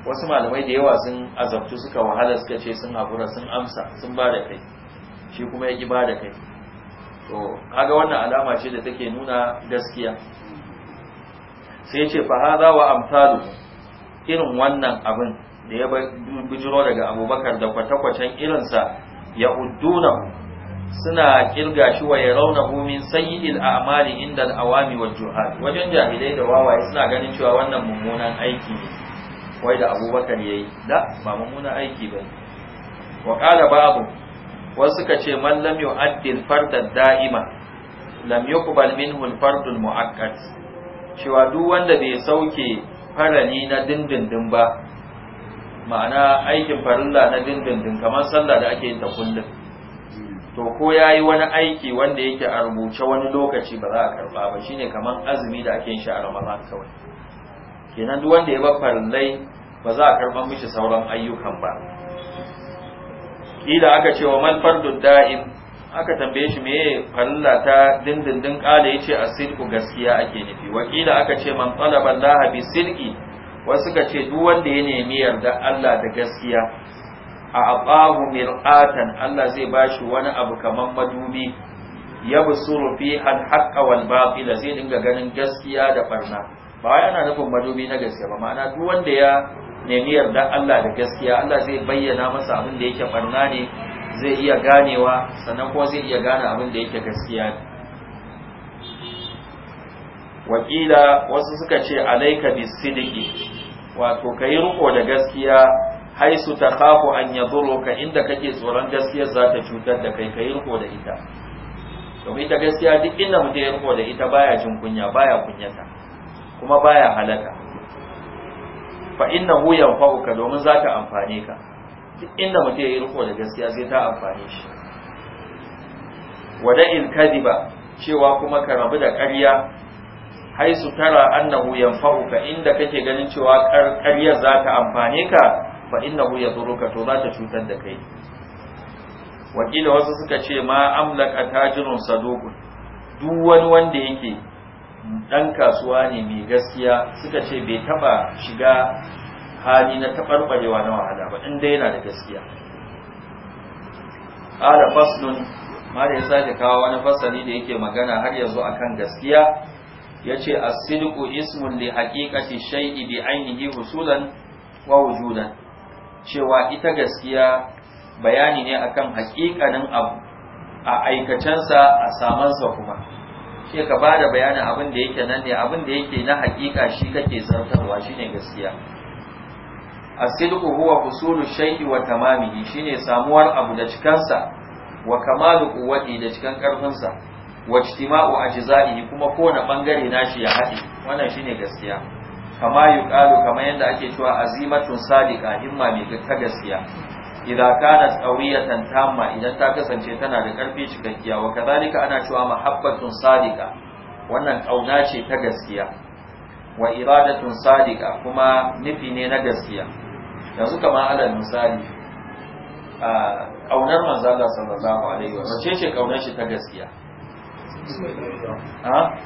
[SPEAKER 1] wasu malamai da yawa sun azabtu suka wahala suka ce sun haƙura sun amsa sun ba da kai shi kuma ya ki ba da kai to kaga wannan alama ce da take nuna gaskiya sai ce fa hadha wa amsalu irin wannan abin da ya bijiro daga abubakar da kwatakwacen irinsa ya udduna suna kirga shi wa hu min sayyi'il a'mali inda al-awami wal juhad wajen jahilai da wawaye suna ganin cewa wannan mummunan aiki ne wai da abubakar yayi da ba mummunan aiki bane wa qala ba'du wasu ka ce man lam yu'addil fardad da'ima lam yuqbal minhu al al mu'akkad cewa duk wanda bai sauke farali na dindindin ba ma'ana aikin farilla na dindindin kamar sallah da ake yin ta kullum to ko yayi wani aiki wanda yake a rubuce wani lokaci ba za a karba ba shine kamar azumi da ake yin shi a Ramadan kawai kenan duk wanda ya bar farillai ba za a karba mishi sauran ayyukan ba kila aka ce wa man fardu da'im aka tambaye shi meye farilla ta dindindin kala yace as gaskiya ake nufi wa kila aka ce man talaba Allah bi sidqi wasu ka ce duk wanda ya nemi yarda Allah da gaskiya a abahu mirqatan Allah zai bashi wani abu kaman madubi ya busuru fi al-haqqa wal batil zai dinga ganin gaskiya da barna ba wai ana nufin madubi na gaskiya ba ma'ana duk wanda ya nemi yarda Allah da gaskiya Allah zai bayyana masa abin da yake barna ne zai iya ganewa sannan kuma zai iya gane abin da yake gaskiya ne wakila wasu suka ce alaika bisidiki wato ka yi riko da gaskiya haisu ta kafu an ya ka inda kake tsoron gaskiyar za ta cutar da kai ka yi riko da ita domin ita gaskiya duk inda mutum ya riko da ita baya jin kunya baya kunyata kuma baya halaka fa innahu yanfa'uka domin za ka amfane ka duk inda mutum yayi riko da gaskiya sai ta amfane shi da in kadiba cewa kuma ka rabu da ƙarya haisu tara annahu yanfa'uka inda kake ganin cewa ƙaryar za ta amfane ka fa innahu yadurruka to za ta cutar da kai wakila wasu suka ce ma amlaka tajirun saduqun duk wani wanda yake Dan kasuwa ne mai gaskiya suka ce bai taɓa shiga hali na taɓarɓarewa na wahala ba inda yana da gaskiya ala faslun mare ya sake kawo wani fasali da yake magana har yanzu akan gaskiya ya ce asirku ismun li haƙiƙati shai'i bi ainihi husulan wa wujudan cewa ita gaskiya bayani ne akan haƙiƙanin abu a aikacensa a samansa kuma sai ka ba da bayanin abin da yake nan ne abin da yake na hakika shi kake zartarwa shine gaskiya as huwa husulu shay'i wa tamamihi shine samuwar abu da cikansa wa kamalu quwwati da cikan karfinsa wa ijtima'u ajza'ihi kuma kowane bangare nashi ya haɗe wannan shine gaskiya kama yuqalu kamar yadda ake cewa azimatun sadiqa himma mai ta gaskiya idza kana tsawiyatan tamma idan ta kasance tana da karfi cikakkiya wa kadhalika ana cewa mahabbatun sadiqa wannan kauna ce ta gaskiya wa iradatun sadiqa kuma nufi ne na gaskiya yanzu kamar alal misali kaunar manzo Allah sallallahu alaihi wa sallam ce kaunar shi ta gaskiya ha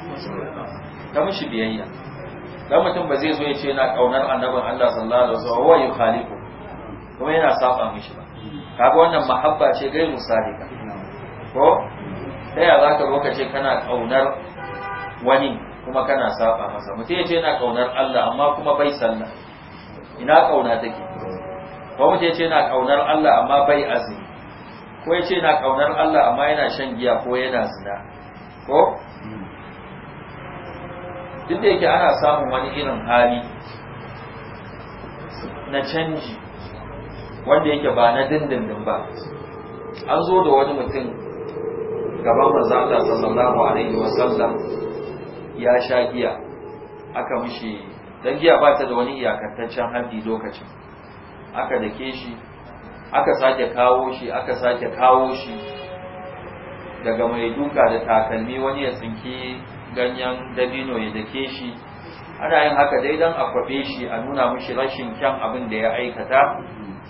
[SPEAKER 1] ta mushi biyayya dan mutum ba zai zo ya ce yana kaunar annabin Allah sallallahu alaihi wa sallam wa yukhalifu kuma yana saba mishi ba kaga wannan mahabba ce gai ka?' ko ta ya za ka zo ka ce kana ƙaunar wani kuma kana saba masa mutum ya ce yana ƙaunar Allah amma kuma bai sallah ina ƙauna take ko mutum ya ce yana ƙaunar Allah amma bai azumi ko ya ce yana ƙaunar Allah amma yana shan giya ko yana zina ko duk da yake ana samun wani irin hali na canji wanda yake ba na dindindin ba an zo da wani mutum gaban manzo Allah sallallahu alaihi sallam ya sha giya aka mishi dan giya ba ta da wani iyakantaccen hadi lokacin aka dake shi aka sake kawo shi aka sake kawo shi daga mai duka da takalmi wani ya tsinki ganyen dabino ya dake shi ana yin haka dai dan a kwabe shi a nuna mishi rashin kyan abin da ya aikata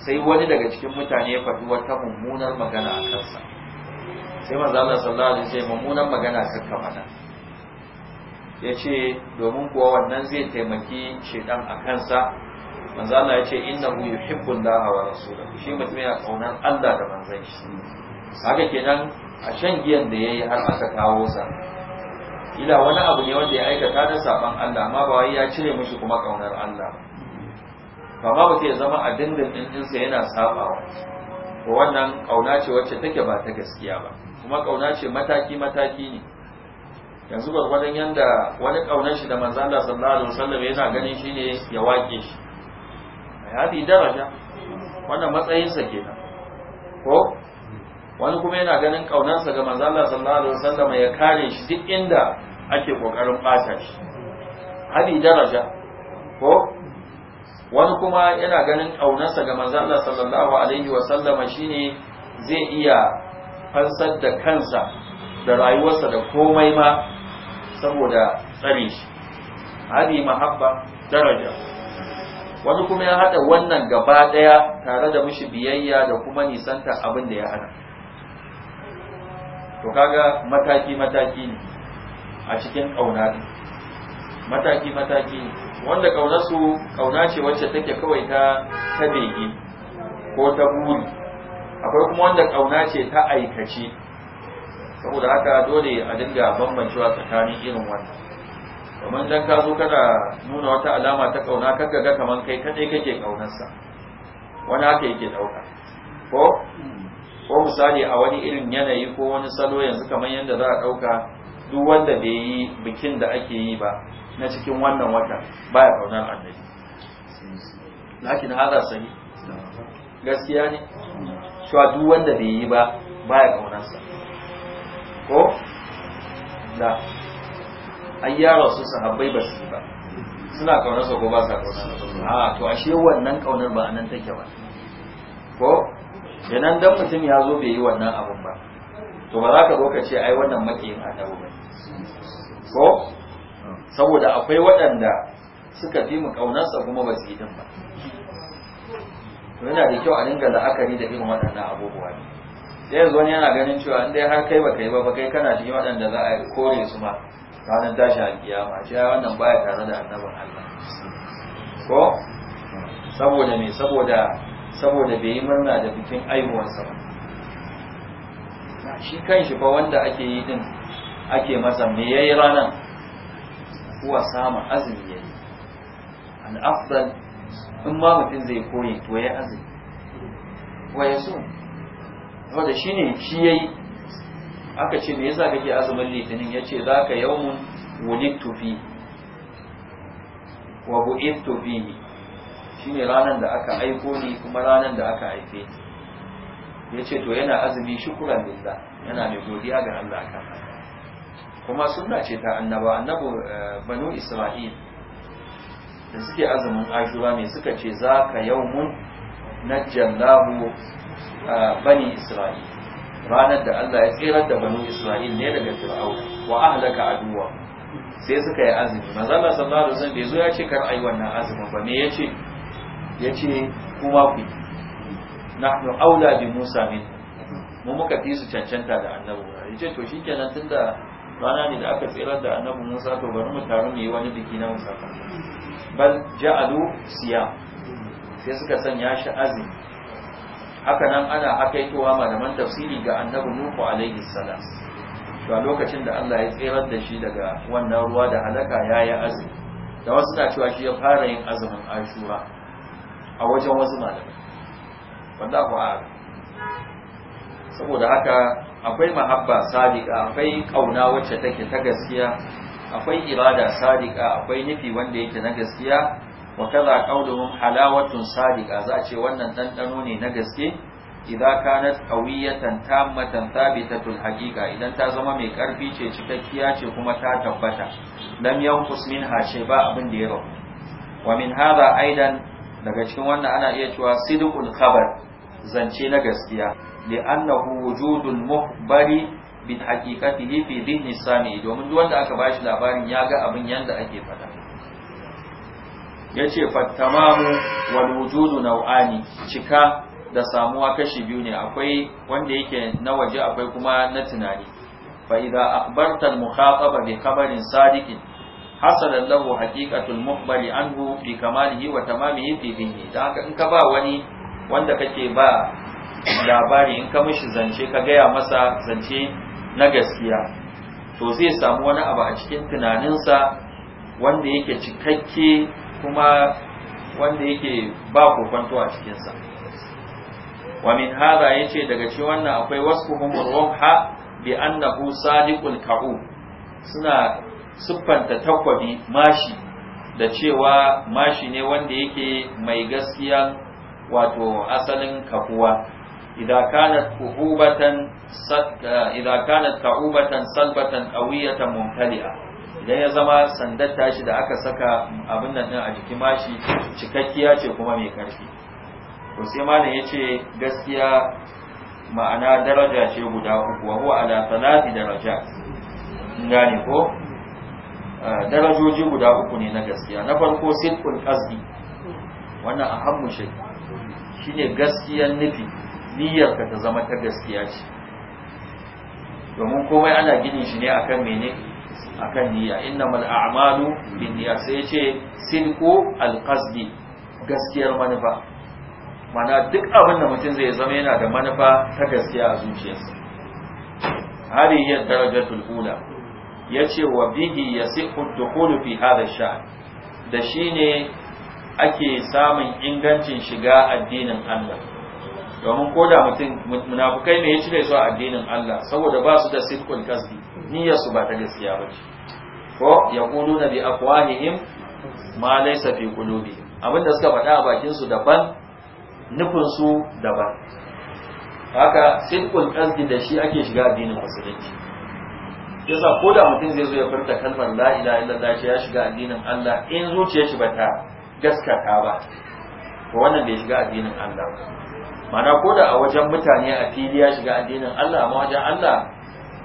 [SPEAKER 1] sai wani daga cikin mutane ya faɗi wata mummunar magana a kansa sai manzo Allah sallallahu alaihi wasallam mummunar magana kakka Ya yace domin kuwa wannan zai taimaki shedan a kansa manzo Allah yace innahu yuhibbullaha wa rasulahu shi mutum yana kaunar Allah da manzon shi haka kenan a shan giyan da yayi har aka kawo sa ila wani abu ne wanda ya aikata da saban Allah amma ba wai ya cire mishi kuma kaunar Allah ba ma mutum ya zama a dindin ɗinsa yana sabawa ko wannan ƙauna ce wacce take ba ta gaskiya ba kuma ƙauna ce mataki-mataki ne yanzu gwargwadon yanda wani ƙaunar shi da manzo Allah sallallahu alaihi wasallam yana ganin shi ne ya wake shi A hadi daraja wannan matsayinsa kenan ko wani kuma yana ganin ƙaunarsa ga manzo Allah sallallahu alaihi wasallam ya kare shi duk inda ake kokarin ɓata shi hadi daraja ko wani kuma yana ganin ƙaunarsa ga manzo Allah sallallahu alaihi wa sallama shine zai iya fansar da kansa da rayuwarsa da komai ma saboda tsare shi hadi mahabba daraja wani kuma ya hada wannan gaba daya tare da mishi biyayya da kuma nisanta abin da ya hana to kaga mataki mataki ne a cikin kauna mataki mataki wanda ƙaunarsu kauna ce wacce take kawai ta ta ko ta buri akwai kuma wanda kauna ce ta aikace saboda haka dole a dinga bambancewa tsakanin irin wannan domin dan ka zo kana nuna wata alama ta kauna kaga ga kaman kai kadai kake ƙaunarsa. wani haka yake dauka ko ko misali a wani irin yanayi ko wani salo yanzu kamar yadda za a dauka duk wanda bai yi bikin da ake yi ba na cikin wannan wata baya kaunar annabi lakin hada sani gaskiya ne cewa duk wanda bai yi ba baya kaunarsa ko da ai yaro su sahabbai ba su yi ba suna kaunarsa ko ba sa kaunarsa a to ashe wannan kaunar ba anan take ba ko nan dan mutum ya zo bai yi wannan abun ba to ba za ka zo ka ce ai wannan makiyin annabi ba ko saboda akwai waɗanda suka fi mu ƙaunarsa kuma ba su yi din ba yana da kyau a dinga la'akari da irin waɗannan abubuwa ne sai yanzu wani yana ganin cewa in dai har kai ba kai ba ba kai kana cikin waɗanda za a kore su ma ranar tashi a kiyama ce wannan baya tare da annabin Allah ko saboda me saboda saboda bai yi murna da bikin aihuwarsa ba shi kan shi fa wanda ake yi din ake masa me yayi ranar kuwa samun azumi ya yi al'afdal in ma mutum zai koyi to ya azumi wa ya so wanda shi shi ya yi aka ce me yasa kake azumin litinin ya ce za ka yawmun wulittu fi wa bu'ittu fihi shine ranar da aka aiko ni kuma ranar da aka haife ni yace to yana azumi shukuran lillah yana mai godiya ga Allah kan kuma suna ce ta annaba annabu eh, banu isra'il da suke azumin ashura mai suka ce za ka yau na najjallahu eh, bani isra'il ranar da Allah ya tsirar da banu isra'il ne daga fir'au wa ahlaka aduwa sai suka yi azumi manzala sallallahu alaihi wasallam bai zo ya ce kar ayi wannan azumin ba me yace yace kuma ku nahnu aula bi musa min mu muka fi su cancanta da annabi yace to shikenan tunda rana ne da aka tsirar da annabi Musa to bari mu taru mu yi wani biki na musamman bal ja'alu siya sai suka sanya shi azumi haka nan ana hakaitowa malaman tafsiri ga annabi Nuhu alaihi salam to a lokacin da Allah ya tsirar da shi daga wannan ruwa da halaka yayi azumi da wasu na cewa shi ya fara yin azumin Ashura a wajen wasu malamai wanda ku a saboda haka akwai mahabba sadiqa akwai kauna wacce take ta gaskiya akwai irada sadiqa akwai nufi wanda yake na gaskiya wa kaza qauluhum halawatun sadiqa za a ce wannan dandano ne na gaske idan kanat qawiyatan tammatan thabitatul haqiqa idan ta zama mai karfi ce cikakkiya ce kuma ta tabbata lam yanqus minha shay ba abin da ya rabu wa min hadha aidan daga cikin wannan ana iya cewa sidqul khabar zance na gaskiya li'annahu wujudu muhbari bin haqiqatihi fi dhihni sami domin duk wanda aka bashi labarin ya ga abin yanda ake faɗa yace fattamamu wal wujudu nau'ani cika da samuwa kashi biyu ne akwai wanda yake na waje akwai kuma na tunani fa idza akhbarta al mukhataba bi khabarin sadiqin hasala lahu bi muhbari anhu fi kamalihi wa tamamihi fi dhihni da in ka ba wani wanda kake ba labari in ka mishi zance ka gaya masa zance na gaskiya to zai samu wani abu a cikin tunaninsa wanda yake cikakke kuma wanda yake ba kwanto a cikinsa wa min ya ce daga ci wannan akwai wasu wasfuhum ha bi annahu sadiqul ka'u suna siffanta takwabi mashi da cewa mashi ne wanda yake mai gaskiya wato asalin kafuwa إذا كانت كعوبة إذا كانت كعوبة صلبة قوية ممتلئة idan ya zama sandar tashi da aka saka abin nan din a jiki mashi cikakkiya ce kuma mai karfi to sai malam yace gaskiya ma'ana daraja ce guda uku wa huwa ala thalathi darajat ngani ko darajoji guda uku ne na gaskiya na farko sidqul qasdi wannan ahammu shi shine gaskiyan nufi niyyarka ta zama ta gaskiya ce domin komai ana ginin shi ne akan mene akan niyya innamal a'malu bin niyya sai ce sinqu alqasdi gaskiyar manufa mana duk abin da mutum zai zama yana da manufa ta gaskiya a zuciyarsa hadi ya darajatul ula yace wa bihi yasihu ad-dukhul fi hadha ash da shine ake samun ingancin shiga addinin Allah domin ko da mutum munafukai ne ya cire su a addinin Allah saboda ba su da sidqul kasbi niyyar su ba ta gaskiya ba ce ko na bi afwahihim ma laysa fi qulubihim abinda suka faɗa a bakin su daban nufin su daban haka sidqul kasbi da shi ake shiga addinin musulunci yasa ko da mutum zai zo ya furta kalmar la ilaha illallah ya shiga addinin Allah in zuciyar shi bata gaskata ba to wannan bai shiga addinin Allah ba mana ko da a wajen mutane a fili ya shiga addinin Allah amma wajen Allah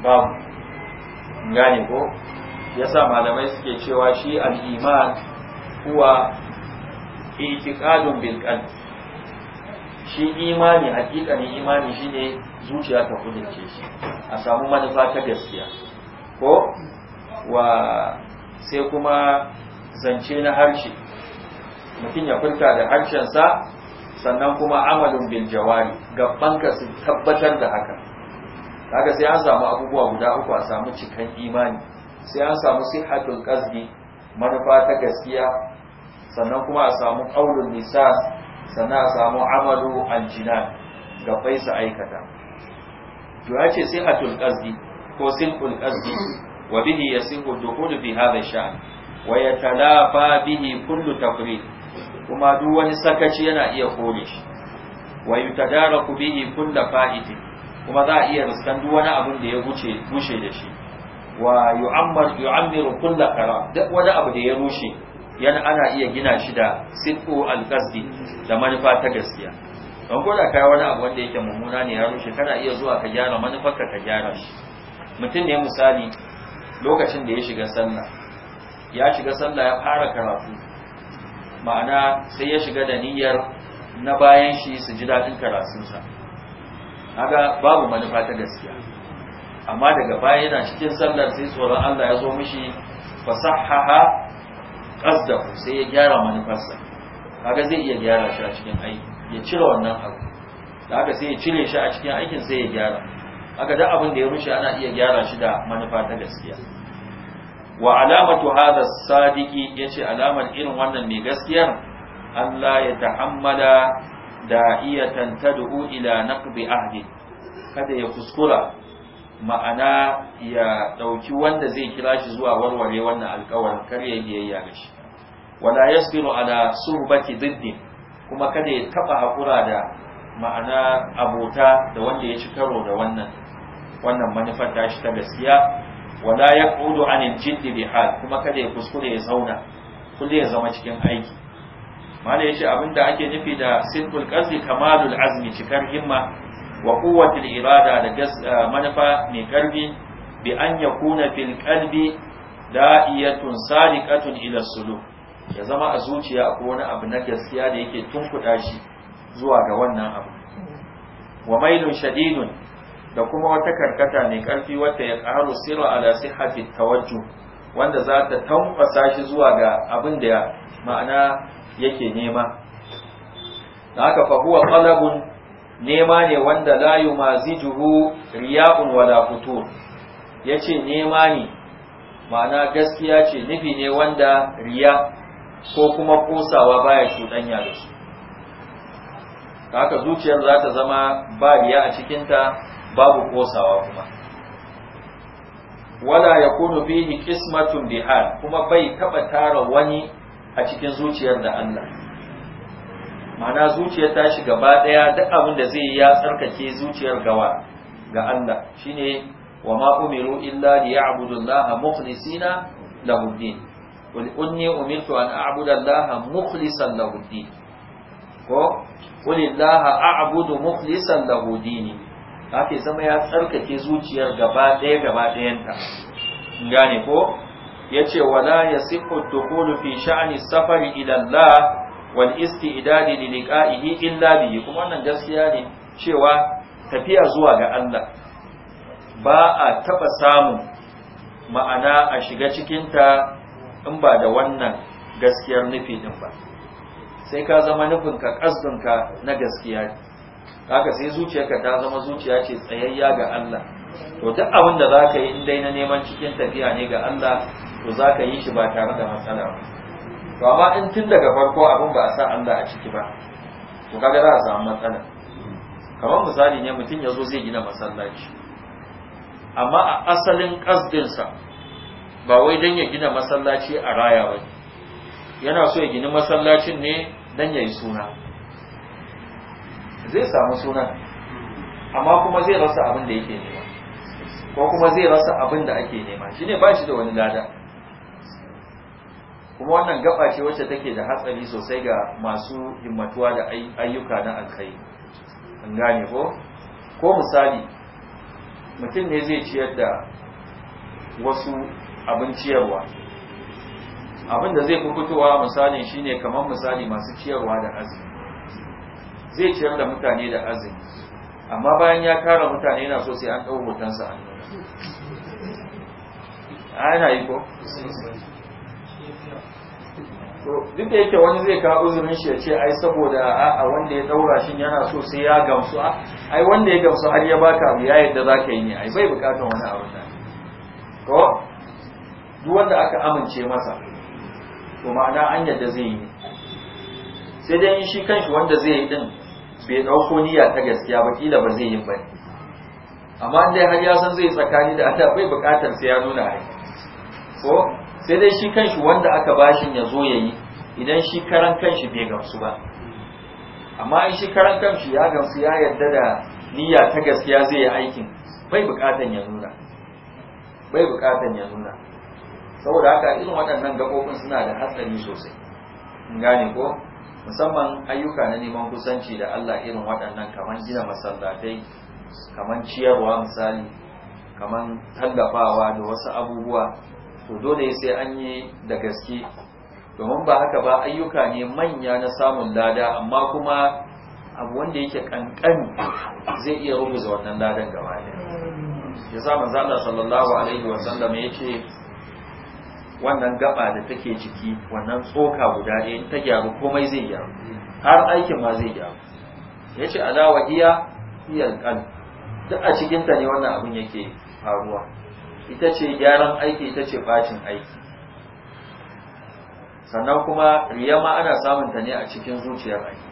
[SPEAKER 1] babu gane ko yasa malamai suke cewa shi al-iman huwa itiqadun shi imani hakikanin imani shine zuciya ta kudince shi a samu manufa ta gaskiya ko wa sai kuma zance na harshe mutum ya furta da harshensa sannan kuma amalin bil jawari gabbanka su tabbatar da haka kaga sai an samu abubuwa guda uku a samu cikan imani sai an samu sihhatul qasdi manufa ta gaskiya sannan kuma a samu qaulul lisan sannan a samu amalu ga bai su aikata to ya ce sihhatul qasdi ko sinqul qasdi wa bihi yasihu dukhul fi hadha shan wa yatalafa bihi kullu tafrid kuma duk wani sakaci yana iya kore shi wa yutadaraku bihi kullu fa'iti kuma za a iya riskan duk wani abin da ya guce gushe da shi wa yu'ammar yu'ammiru kullu kara duk wani abu da ya rushe yana ana iya gina shi da sidqu alqasdi da manufa ta gaskiya don ko da kai wani abu wanda yake mummuna ne ya rushe kana iya zuwa ka gyara ka, ka gyara shi mutum ne misali lokacin da ya shiga sallah ya shiga sallah ya fara karatu ma'ana sai ya shiga da niyyar na bayan shi su ji daɗin karatunsa haka babu manufa ta gaskiya amma daga baya yana cikin sallar sai tsoron Allah ya zo mishi fasahaha qasdahu sai ya gyara manufarsa kaga zai iya gyara shi a cikin aiki ya cire wannan abu da haka sai ya cire shi a cikin aikin sai ya gyara haka duk abin da ya rushe ana iya gyara shi da manufa ta gaskiya wa alamatu hadha sadiqi yace alamar irin wannan mai gaskiyar Allah ya ta'ammala da'iyatan tad'u ila naqbi ahdi kada ya kuskura ma'ana ya dauki wanda zai kira shi zuwa warware wannan alƙawarin kar ya biyayya ga shi wala yasbiru ala suhbati diddi kuma kada ya taba hakura da ma'ana abota da wanda ya ci karo da wannan wannan manufar tashi ta gaskiya wala yaqudu anil jiddi bi hal kuma kada ya kuskure ya zauna kullum ya zama cikin aiki malai yace abinda ake nufi da sinful qasdi kamalul azmi cikar himma wa al irada da manafa mai karfi bi an yakuna fil qalbi da'iyatun sadiqatun ila sulu, ya zama a zuciya akwai wani abu na gaskiya da yake tunkuɗa shi zuwa ga wannan abu wa mailun shadidun da kuma wata karkata mai ƙarfi wata ya karu sirra ala sihhati tawajjuh wanda za ta tanfasa shi zuwa ga abin da ma'ana yake nema da haka fa huwa qalabun nema ne wanda la yumazijuhu riya'un wala futur yace nema ne ma'ana gaskiya ce nufi ne wanda riya ko kuma kosawa baya cuɗanya da shi haka zuciyar za ta zama ba riya a cikinta babu kosawa kuma wala ya kunu bihi kismatun bihal kuma bai taba tara wani a cikin zuciyar da Allah ma'ana zuciyar ta shi gaba daya duk abin da zai ya tsarkake zuciyar gawa ga Allah shine wa ma umiru illa liya'budu Allah mukhlisina lahu din qul inni umirtu an a'budu Allah mukhlisan lahu din ko qul Allah a'budu mukhlisan lahu dini haka zama ya tsarkake zuciyar gaba ɗaya gaba ɗayanta gane ko ya ce wala ya sifu dukulu fi sha'ani safari ilallah wal isti'dadi li liqa'ihi illa bihi kuma wannan gaskiya ne cewa tafiya zuwa ga Allah ba a taba samun ma'ana a shiga cikin ta in ba da wannan gaskiyar nufi din ba sai ka zama nufinka ka na gaskiya haka sai zuciyarka ta zama zuciya ce tsayayya ga Allah to duk abin da zaka yi in na neman cikin tafiya ne ga Allah to zaka yi shi ba tare da matsala ba to amma in tun daga farko abin ba a sa Allah a ciki ba to kaga za a samu matsala kamar misali ne mutum ya zo zai gina masallaci amma a asalin sa ba wai dan ya gina masallaci a raya ba yana so ya gina masallacin ne dan ya suna zai samu suna amma kuma zai rasa abin da yake nema ko kuma zai rasa abin da ake nema shine ba shi da wani lada kuma wannan gaba ce wacce take da hatsari sosai ga masu himmatuwa da ayyuka na alkai an gane ko ko misali mutum ne zai ciyar da wasu abin ciyarwa abin da zai fi fitowa misalin shine kamar misali masu ciyarwa da azumi zai ciyar da mutane da azumi amma bayan ya kare mutane yana so sai an ɗau hotonsa a nuna ah, yana yi ko duk da yake wani zai kawo uzurin shi ya ce ai saboda a wanda ya daura shi yana so sai ya gamsu a ah, ai wanda ya gamsu har ya baka abu ya yadda za ka yi ne ai bai bukatar wani abu da ko duk wanda aka amince masa to ma'ana an yadda zai yi sai dai shi kanshi wanda zai yi din bai ɗauko niyya ta gaskiya ba kila ba zai yi ba amma dai har ya san zai tsakani da Allah bai bukatar sai ya nuna ai ko sai dai shi kanshi wanda aka bashi ya zo ya yi idan shi karan kanshi bai gamsu ba amma in shi karan kanshi ya gamsu ya yarda da niyya ta gaskiya zai yi aikin bai bukatan ya nuna bai bukatan ya nuna saboda haka irin waɗannan gaɓoɓin suna da hatsari sosai in gane ko musamman ayyuka na neman kusanci da Allah irin waɗannan kamar gina masallatai kamar ciyarwa misali kamar tallafawa da wasu abubuwa to dole sai an yi da gaske domin ba haka ba ayyuka ne manya na samun lada amma kuma abu wanda yake kankani zai iya rubuta wannan ladan gaba ɗaya ya sa manzala sallallahu alaihi wasallam ya ce wannan gaba da take ciki wannan tsoka guda ɗaya ta gyaru komai zai gyaru har aikin ma zai gyaru ya ce ala iya iya kan duk a cikinta ne wannan abin yake faruwa ita ce gyaran aiki ita ce bacin aiki sannan kuma riya ma ana samun ta ne a cikin zuciyar aiki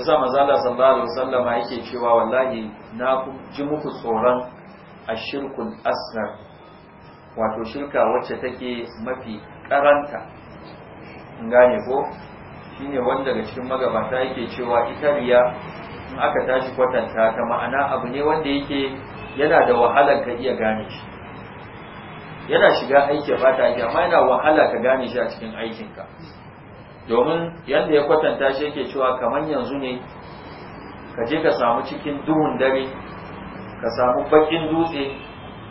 [SPEAKER 1] yasa sa mazala sallallahu alaihi wasallama yake cewa wallahi na ji muku tsoron ashirkul asgar wato shirka wacce take mafi karanta gane ko shine wanda daga cikin magabata yake cewa italiya in aka tashi kwatanta ta ma'ana abu ne wanda yake yana da wahalar ka iya gane shi yana shiga aiki ba ta aiki amma yana wahala ka gane shi a cikin aikinka domin yadda ya kwatanta shi yake cewa kamar yanzu ne ka je ka samu cikin duhun dare ka samu bakin dutse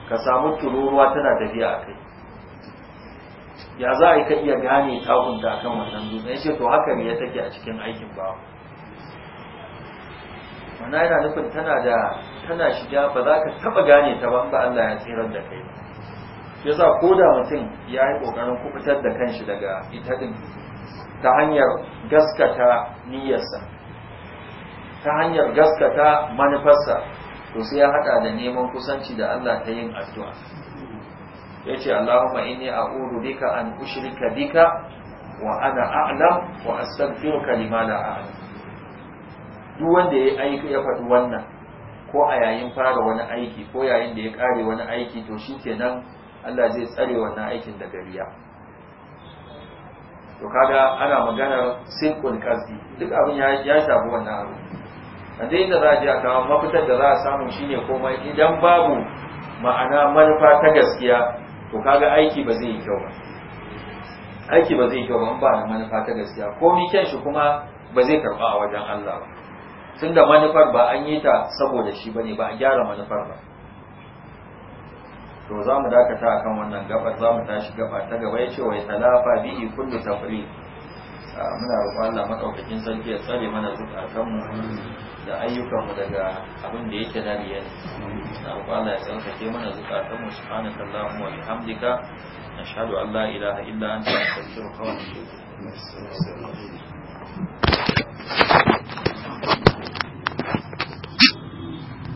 [SPEAKER 1] ka samu tururuwa tana tafiya a kai ya za a yi ka iya gane tagunta akan wannan dutse ya ce to haka ne ya take a cikin aikin ba? wannan yana nufin tana da tana shiga ba za ka taba gane ta ba ba Allah ya tsirar da kai Ya yasa ko da mutum ya yi kokarin kubutar da kanshi daga ita din ta hanyar gaskata niyyarsa ta hanyar gaskata manufarsa to sai ya hada da neman kusanci da Allah ta yin addu'a yace Allahumma inni a'udhu bika an ushrika bika wa ana a'lam wa astaghfiruka lima la a'lam duk wanda ya aiki ya faɗi wannan ko a yayin fara wani aiki ko yayin da ya kare wani aiki to shikenan Allah zai tsare wannan aikin da gariya to kaga ana maganar sinqul kasbi duk abin ya shafi wannan abu a daina za je a kawo mafitar da za a samu shine komai idan babu ma'ana manufa ta gaskiya to kaga aiki ba zai yi kyau ba aiki ba zai yi kyau ba ba ba manufa ta gaskiya komi kyan shi kuma ba zai karba a wajen Allah ba tunda manufar ba an yi ta saboda shi bane ba a gyara manufar ba to za mu dakata akan wannan gabar za mu tashi gaba ta gaba ya ce wai talafa bi kullu tafri ah, muna roƙon Allah maɗaukakin sarki ya tsare mana zukatanmu da ayyukanmu daga abin da yake na riya na Allah ya tsarkake mana zukatanmu subhanaka allahumma wa bihamdika nashhadu an la ilaha illa anta astaghfiruka wa atubu